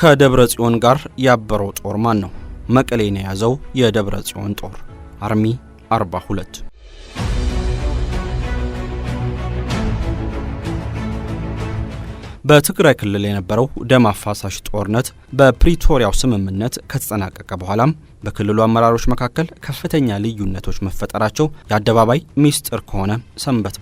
ከደብረ ጽዮን ጋር ያበረው ጦር ማን ነው? መቀሌን የያዘው የደብረ ጽዮን ጦር አርሚ 42 በትግራይ ክልል የነበረው ደም አፋሳሽ ጦርነት በፕሪቶሪያው ስምምነት ከተጠናቀቀ በኋላም በክልሉ አመራሮች መካከል ከፍተኛ ልዩነቶች መፈጠራቸው የአደባባይ ሚስጥር ከሆነ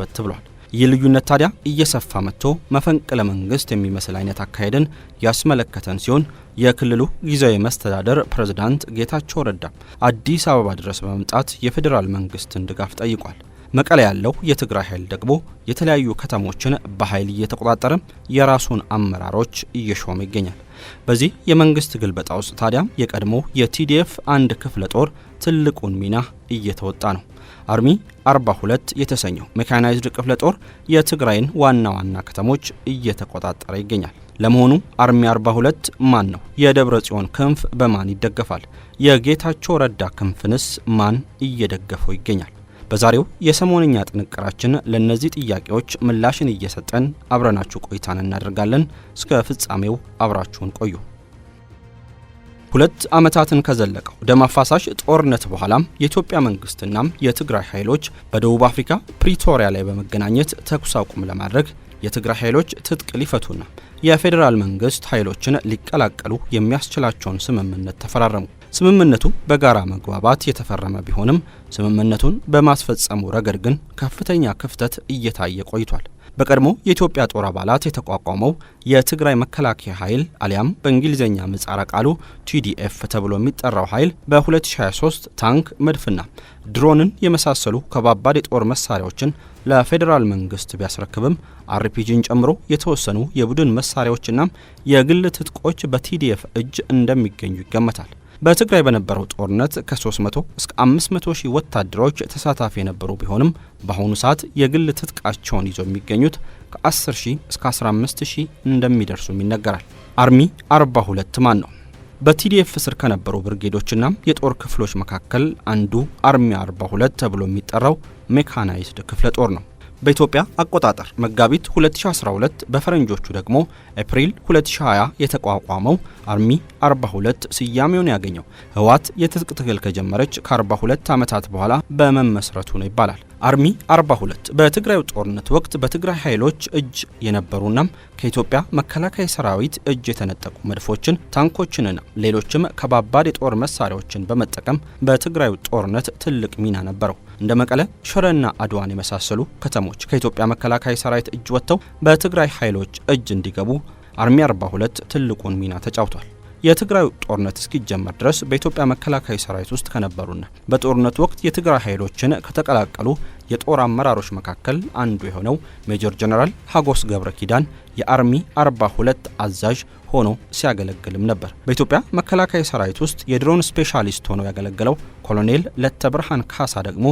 በት ብሏል። ይህ ልዩነት ታዲያ እየሰፋ መጥቶ መፈንቅለ መንግስት የሚመስል አይነት አካሄድን ያስመለከተን ሲሆን የክልሉ ጊዜያዊ መስተዳደር ፕሬዝዳንት ጌታቸው ረዳ አዲስ አበባ ድረስ በመምጣት የፌዴራል መንግስትን ድጋፍ ጠይቋል። መቀለ ያለው የትግራይ ኃይል ደግሞ የተለያዩ ከተሞችን በኃይል እየተቆጣጠረ የራሱን አመራሮች እየሾመ ይገኛል። በዚህ የመንግስት ግልበጣ ውስጥ ታዲያ የቀድሞ የቲዲኤፍ አንድ ክፍለ ጦር ትልቁን ሚና እየተወጣ ነው። አርሚ 42 የተሰኘው ሜካናይዝድ ክፍለ ጦር የትግራይን ዋና ዋና ከተሞች እየተቆጣጠረ ይገኛል። ለመሆኑ አርሚ 42 ማን ነው? የደብረ ጽዮን ክንፍ በማን ይደገፋል? የጌታቸው ረዳ ክንፍንስ ማን እየደገፈው ይገኛል? በዛሬው የሰሞነኛ ጥንቅራችን ለእነዚህ ጥያቄዎች ምላሽን እየሰጠን አብረናችሁ ቆይታን እናደርጋለን። እስከ ፍጻሜው አብራችሁን ቆዩ። ሁለት ዓመታትን ከዘለቀው ደም አፋሳሽ ጦርነት በኋላም የኢትዮጵያ መንግስትና የትግራይ ኃይሎች በደቡብ አፍሪካ ፕሪቶሪያ ላይ በመገናኘት ተኩስ አቁም ለማድረግ የትግራይ ኃይሎች ትጥቅ ሊፈቱና የፌዴራል መንግስት ኃይሎችን ሊቀላቀሉ የሚያስችላቸውን ስምምነት ተፈራረሙ። ስምምነቱ በጋራ መግባባት የተፈረመ ቢሆንም ስምምነቱን በማስፈጸሙ ረገድ ግን ከፍተኛ ክፍተት እየታየ ቆይቷል። በቀድሞ የኢትዮጵያ ጦር አባላት የተቋቋመው የትግራይ መከላከያ ኃይል አሊያም በእንግሊዝኛ ምህጻረ ቃሉ ቲዲኤፍ ተብሎ የሚጠራው ኃይል በ2023 ታንክ፣ መድፍና ድሮንን የመሳሰሉ ከባባድ የጦር መሳሪያዎችን ለፌዴራል መንግስት ቢያስረክብም አርፒጂን ጨምሮ የተወሰኑ የቡድን መሳሪያዎችና የግል ትጥቆች በቲዲኤፍ እጅ እንደሚገኙ ይገመታል። በትግራይ በነበረው ጦርነት ከ300 እስከ 500 ሺህ ወታደሮች ተሳታፊ የነበሩ ቢሆንም በአሁኑ ሰዓት የግል ትጥቃቸውን ይዘው የሚገኙት ከ10 ሺህ እስከ 15 ሺህ እንደሚደርሱም ይነገራል። አርሚ 42 ማን ነው? በቲዲኤፍ ስር ከነበሩ ብርጌዶችና የጦር ክፍሎች መካከል አንዱ አርሚ 42 ተብሎ የሚጠራው ሜካናይዝድ ክፍለ ጦር ነው። በኢትዮጵያ አቆጣጠር መጋቢት 2012 በፈረንጆቹ ደግሞ ኤፕሪል 2020 የተቋቋመው አርሚ 42 ስያሜውን ያገኘው ህወሓት የትጥቅ ትግል ከጀመረች ከ42 ዓመታት በኋላ በመመስረቱ ነው ይባላል። አርሚ 42 በትግራይ ጦርነት ወቅት በትግራይ ኃይሎች እጅ የነበሩና ከኢትዮጵያ መከላከያ ሰራዊት እጅ የተነጠቁ መድፎችን፣ ታንኮችንና ሌሎችም ከባባድ የጦር መሳሪያዎችን በመጠቀም በትግራይ ጦርነት ትልቅ ሚና ነበረው። እንደ መቀለ፣ ሽረና አድዋን የመሳሰሉ ከተሞች ከኢትዮጵያ መከላከያ ሰራዊት እጅ ወጥተው በትግራይ ኃይሎች እጅ እንዲገቡ አርሚ 42 ትልቁን ሚና ተጫውቷል። የትግራይ ጦርነት እስኪጀመር ድረስ በኢትዮጵያ መከላከያ ሰራዊት ውስጥ ከነበሩና በጦርነት ወቅት የትግራይ ኃይሎችን ከተቀላቀሉ የጦር አመራሮች መካከል አንዱ የሆነው ሜጀር ጀነራል ሀጎስ ገብረ ኪዳን የአርሚ 42 አዛዥ ሆኖ ሲያገለግልም ነበር። በኢትዮጵያ መከላከያ ሰራዊት ውስጥ የድሮን ስፔሻሊስት ሆኖ ያገለገለው ኮሎኔል ለተብርሃን ካሳ ደግሞ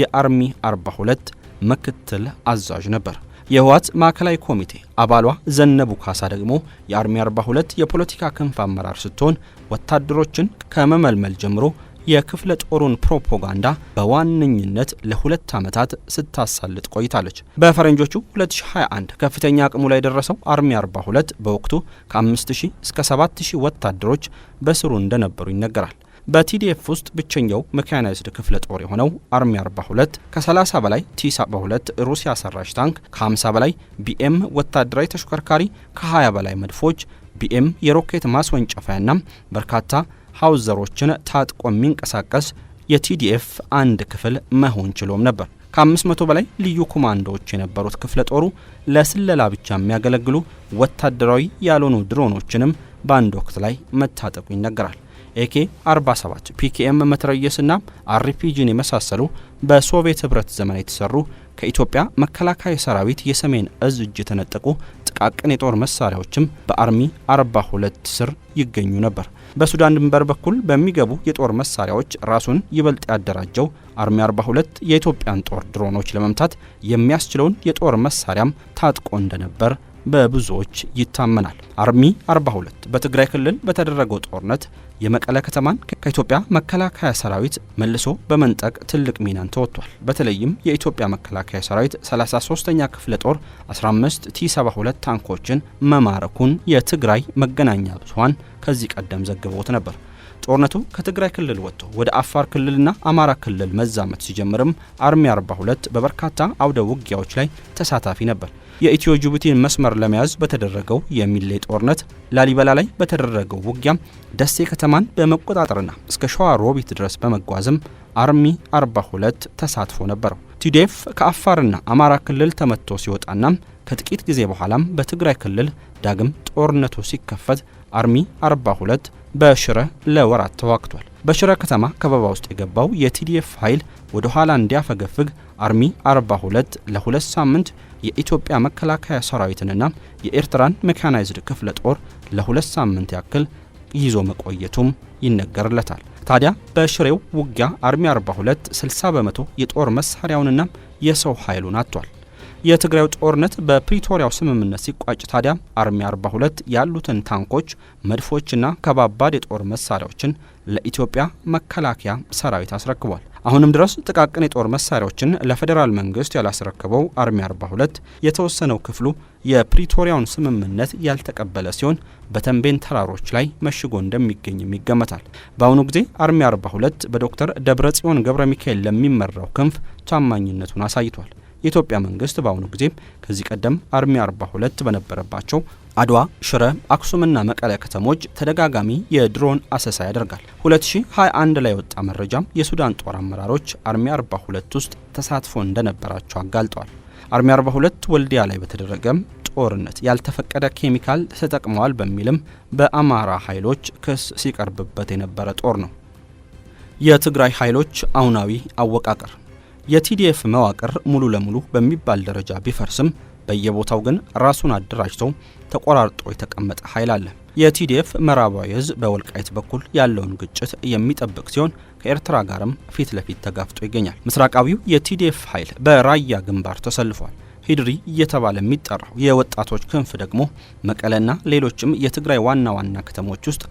የአርሚ 42 ምክትል አዛዥ ነበር። የህወሓት ማዕከላዊ ኮሚቴ አባሏ ዘነቡ ካሳ ደግሞ የአርሚ 42 የፖለቲካ ክንፍ አመራር ስትሆን ወታደሮችን ከመመልመል ጀምሮ የክፍለ ጦሩን ፕሮፓጋንዳ በዋነኝነት ለሁለት ዓመታት ስታሳልጥ ቆይታለች። በፈረንጆቹ 2021 ከፍተኛ አቅሙ ላይ የደረሰው አርሚ 42 በወቅቱ ከ5000 እስከ 7000 ወታደሮች በስሩ እንደነበሩ ይነገራል። በቲዲኤፍ ውስጥ ብቸኛው መካናይዝድ ክፍለ ጦር የሆነው አርሚ 42 ከ30 በላይ ቲ 72 ሩሲያ ሰራሽ ታንክ፣ ከ50 በላይ ቢኤም ወታደራዊ ተሽከርካሪ፣ ከ20 በላይ መድፎች ቢኤም የሮኬት ማስወንጨፊያና በርካታ ሀውዘሮችን ታጥቆ የሚንቀሳቀስ የቲዲኤፍ አንድ ክፍል መሆን ችሎም ነበር። ከ500 በላይ ልዩ ኮማንዶዎች የነበሩት ክፍለ ጦሩ ለስለላ ብቻ የሚያገለግሉ ወታደራዊ ያልሆኑ ድሮኖችንም በአንድ ወቅት ላይ መታጠቁ ይነገራል። ኤኬ 47 ፒኬኤም መትረየስና አርፒጂን የመሳሰሉ በሶቪየት ህብረት ዘመን የተሰሩ ከኢትዮጵያ መከላከያ ሰራዊት የሰሜን እዝ እጅ የተነጠቁ ጥቃቅን የጦር መሳሪያዎችም በአርሚ 42 ስር ይገኙ ነበር። በሱዳን ድንበር በኩል በሚገቡ የጦር መሳሪያዎች ራሱን ይበልጥ ያደራጀው አርሚ 42 የኢትዮጵያን ጦር ድሮኖች ለመምታት የሚያስችለውን የጦር መሳሪያም ታጥቆ እንደነበር በብዙዎች ይታመናል። አርሚ 42 በትግራይ ክልል በተደረገው ጦርነት የመቀለ ከተማን ከኢትዮጵያ መከላከያ ሰራዊት መልሶ በመንጠቅ ትልቅ ሚናን ተወጥቷል። በተለይም የኢትዮጵያ መከላከያ ሰራዊት 33ኛ ክፍለ ጦር 15 ቲ72 ታንኮችን መማረኩን የትግራይ መገናኛ ብዙኃን ከዚህ ቀደም ዘግበውት ነበር። ጦርነቱ ከትግራይ ክልል ወጥቶ ወደ አፋር ክልልና አማራ ክልል መዛመት ሲጀምርም አርሚ 42 በበርካታ አውደ ውጊያዎች ላይ ተሳታፊ ነበር። የኢትዮ ጅቡቲን መስመር ለመያዝ በተደረገው የሚሌ ጦርነት፣ ላሊበላ ላይ በተደረገው ውጊያም ደሴ ከተማን በመቆጣጠርና እስከ ሸዋ ሮቢት ድረስ በመጓዝም አርሚ 42 ተሳትፎ ነበረው። ቲዴፍ ከአፋርና አማራ ክልል ተመትቶ ሲወጣና ከጥቂት ጊዜ በኋላም በትግራይ ክልል ዳግም ጦርነቱ ሲከፈት አርሚ 42 በሽረ ለወራት ተዋግቷል። በሽረ ከተማ ከበባ ውስጥ የገባው የቲዲኤፍ ኃይል ወደ ኋላ እንዲያፈገፍግ አርሚ 42 ለሁለት ሳምንት የኢትዮጵያ መከላከያ ሰራዊትንና የኤርትራን ሜካናይዝድ ክፍለ ጦር ለሁለት ሳምንት ያክል ይዞ መቆየቱም ይነገርለታል። ታዲያ በሽሬው ውጊያ አርሚ 42 60 በመቶ የጦር መሳሪያውንና የሰው ኃይሉን አጥቷል። የትግራዩ ጦርነት በፕሪቶሪያው ስምምነት ሲቋጭ ታዲያ አርሚ 42 ያሉትን ታንኮች፣ መድፎችና ከባባድ የጦር መሳሪያዎችን ለኢትዮጵያ መከላከያ ሰራዊት አስረክቧል። አሁንም ድረስ ጥቃቅን የጦር መሳሪያዎችን ለፌዴራል መንግስት ያላስረክበው አርሚ 42 የተወሰነው ክፍሉ የፕሪቶሪያውን ስምምነት ያልተቀበለ ሲሆን በተንቤን ተራሮች ላይ መሽጎ እንደሚገኝም ይገመታል። በአሁኑ ጊዜ አርሚ 42 በዶክተር ደብረጽዮን ገብረ ሚካኤል ለሚመራው ክንፍ ታማኝነቱን አሳይቷል። የኢትዮጵያ መንግስት በአሁኑ ጊዜም ከዚህ ቀደም አርሚ 42 በነበረባቸው አድዋ፣ ሽረ፣ አክሱምና መቀለ ከተሞች ተደጋጋሚ የድሮን አሰሳ ያደርጋል። 2021 ላይ የወጣ መረጃም የሱዳን ጦር አመራሮች አርሚ 42 ውስጥ ተሳትፎ እንደነበራቸው አጋልጧል። አርሚ 42 ወልዲያ ላይ በተደረገም ጦርነት ያልተፈቀደ ኬሚካል ተጠቅመዋል በሚልም በአማራ ኃይሎች ክስ ሲቀርብበት የነበረ ጦር ነው። የትግራይ ኃይሎች አሁናዊ አወቃቀር የቲዲኤፍ መዋቅር ሙሉ ለሙሉ በሚባል ደረጃ ቢፈርስም በየቦታው ግን ራሱን አደራጅቶ ተቆራርጦ የተቀመጠ ኃይል አለ። የቲዲኤፍ ምዕራባዊ ህዝብ በወልቃይት በኩል ያለውን ግጭት የሚጠብቅ ሲሆን ከኤርትራ ጋርም ፊት ለፊት ተጋፍጦ ይገኛል። ምስራቃዊው የቲዲኤፍ ኃይል በራያ ግንባር ተሰልፏል። ሂድሪ እየተባለ የሚጠራው የወጣቶች ክንፍ ደግሞ መቀለና ሌሎችም የትግራይ ዋና ዋና ከተሞች ውስጥ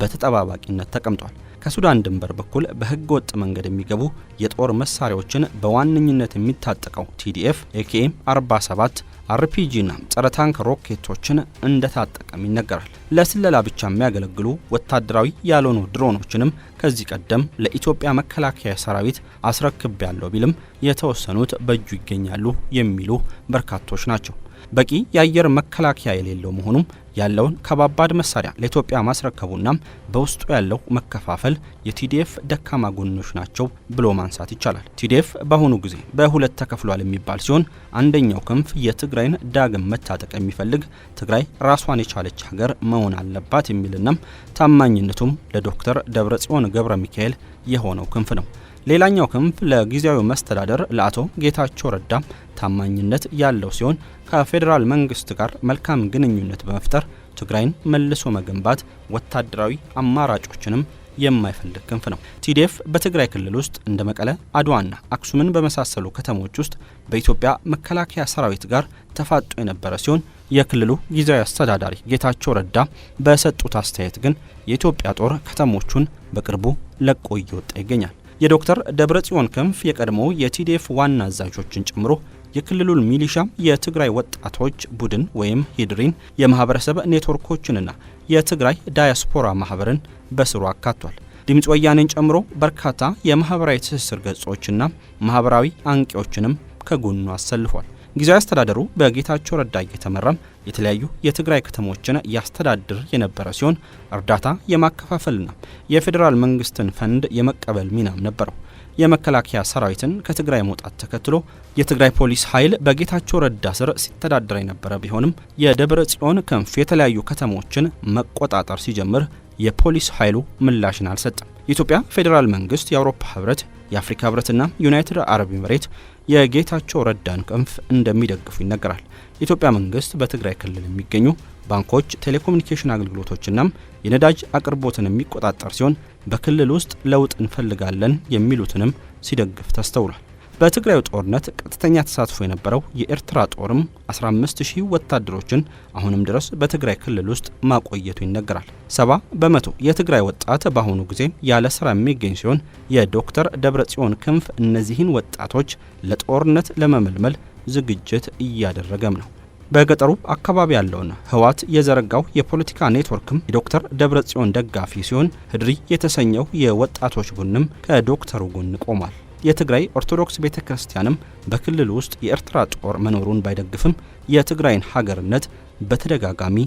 በተጠባባቂነት ተቀምጧል። ከሱዳን ድንበር በኩል በህገ ወጥ መንገድ የሚገቡ የጦር መሳሪያዎችን በዋነኝነት የሚታጠቀው ቲዲኤፍ ኤኬኤም 47 አርፒጂና ጸረ ታንክ ሮኬቶችን እንደታጠቀም ይነገራል። ለስለላ ብቻ የሚያገለግሉ ወታደራዊ ያልሆኑ ድሮኖችንም ከዚህ ቀደም ለኢትዮጵያ መከላከያ ሰራዊት አስረክብ ያለው ቢልም የተወሰኑት በእጁ ይገኛሉ የሚሉ በርካቶች ናቸው። በቂ የአየር መከላከያ የሌለው መሆኑም ያለውን ከባባድ መሳሪያ ለኢትዮጵያ ማስረከቡና በውስጡ ያለው መከፋፈል የቲዲኤፍ ደካማ ጎኖች ናቸው ብሎ ማንሳት ይቻላል። ቲዲኤፍ በአሁኑ ጊዜ በሁለት ተከፍሏል የሚባል ሲሆን አንደኛው ክንፍ የትግራይን ዳግም መታጠቅ የሚፈልግ ትግራይ ራሷን የቻለች ሀገር መሆን አለባት የሚልና ታማኝነቱም ለዶክተር ደብረጽዮን ገብረ ሚካኤል የሆነው ክንፍ ነው። ሌላኛው ክንፍ ለጊዜያዊ መስተዳደር ለአቶ ጌታቸው ረዳ ታማኝነት ያለው ሲሆን ከፌዴራል መንግስት ጋር መልካም ግንኙነት በመፍጠር ትግራይን መልሶ መገንባት ወታደራዊ አማራጮችንም የማይፈልግ ክንፍ ነው። ቲዲኤፍ በትግራይ ክልል ውስጥ እንደ መቀለ፣ አድዋና አክሱምን በመሳሰሉ ከተሞች ውስጥ በኢትዮጵያ መከላከያ ሰራዊት ጋር ተፋጦ የነበረ ሲሆን የክልሉ ጊዜያዊ አስተዳዳሪ ጌታቸው ረዳ በሰጡት አስተያየት ግን የኢትዮጵያ ጦር ከተሞቹን በቅርቡ ለቆ እየወጣ ይገኛል። የዶክተር ደብረ ጽዮን ክንፍ የቀድሞ የቲዲኤፍ ዋና አዛዦችን ጨምሮ የክልሉን ሚሊሻ፣ የትግራይ ወጣቶች ቡድን ወይም ሂድሪን፣ የማህበረሰብ ኔትወርኮችንና የትግራይ ዳያስፖራ ማህበርን በስሩ አካቷል። ድምፅ ወያኔን ጨምሮ በርካታ የማህበራዊ ትስስር ገጾችና ማህበራዊ አንቂዎችንም ከጎኑ አሰልፏል። ጊዜያዊ አስተዳደሩ በጌታቸው ረዳ እየተመራም የተለያዩ የትግራይ ከተሞችን ያስተዳድር የነበረ ሲሆን እርዳታ የማከፋፈልና የፌዴራል መንግስትን ፈንድ የመቀበል ሚናም ነበረው። የመከላከያ ሰራዊትን ከትግራይ መውጣት ተከትሎ የትግራይ ፖሊስ ኃይል በጌታቸው ረዳ ስር ሲተዳደር የነበረ ቢሆንም የደብረ ጽዮን ክንፍ የተለያዩ ከተሞችን መቆጣጠር ሲጀምር የፖሊስ ኃይሉ ምላሽን አልሰጠም። የኢትዮጵያ ፌዴራል መንግስት፣ የአውሮፓ ህብረት፣ የአፍሪካ ህብረትና ዩናይትድ አረብ ኤምሬት የጌታቸው ረዳን ክንፍ እንደሚደግፉ ይነገራል። የኢትዮጵያ መንግስት በትግራይ ክልል የሚገኙ ባንኮች፣ ቴሌኮሙኒኬሽን አገልግሎቶችና የነዳጅ አቅርቦትን የሚቆጣጠር ሲሆን በክልል ውስጥ ለውጥ እንፈልጋለን የሚሉትንም ሲደግፍ ተስተውሏል። በትግራዩ ጦርነት ቀጥተኛ ተሳትፎ የነበረው የኤርትራ ጦርም 15000 ወታደሮችን አሁንም ድረስ በትግራይ ክልል ውስጥ ማቆየቱ ይነገራል። ሰ7 በመቶ የትግራይ ወጣት በአሁኑ ጊዜ ያለ ስራ የሚገኝ ሲሆን የዶክተር ደብረ ጽዮን ክንፍ እነዚህን ወጣቶች ለጦርነት ለመመልመል ዝግጅት እያደረገም ነው። በገጠሩ አካባቢ ያለውን ህወሓት የዘረጋው የፖለቲካ ኔትወርክም የዶክተር ጽዮን ደጋፊ ሲሆን ህድሪ የተሰኘው የወጣቶች ቡድንም ከዶክተሩ ጎን ቆሟል። የትግራይ ኦርቶዶክስ ቤተ ክርስቲያንም በክልል ውስጥ የኤርትራ ጦር መኖሩን ባይደግፍም የትግራይን ሀገርነት በተደጋጋሚ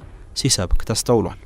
ሲሰብክ ተስተውሏል።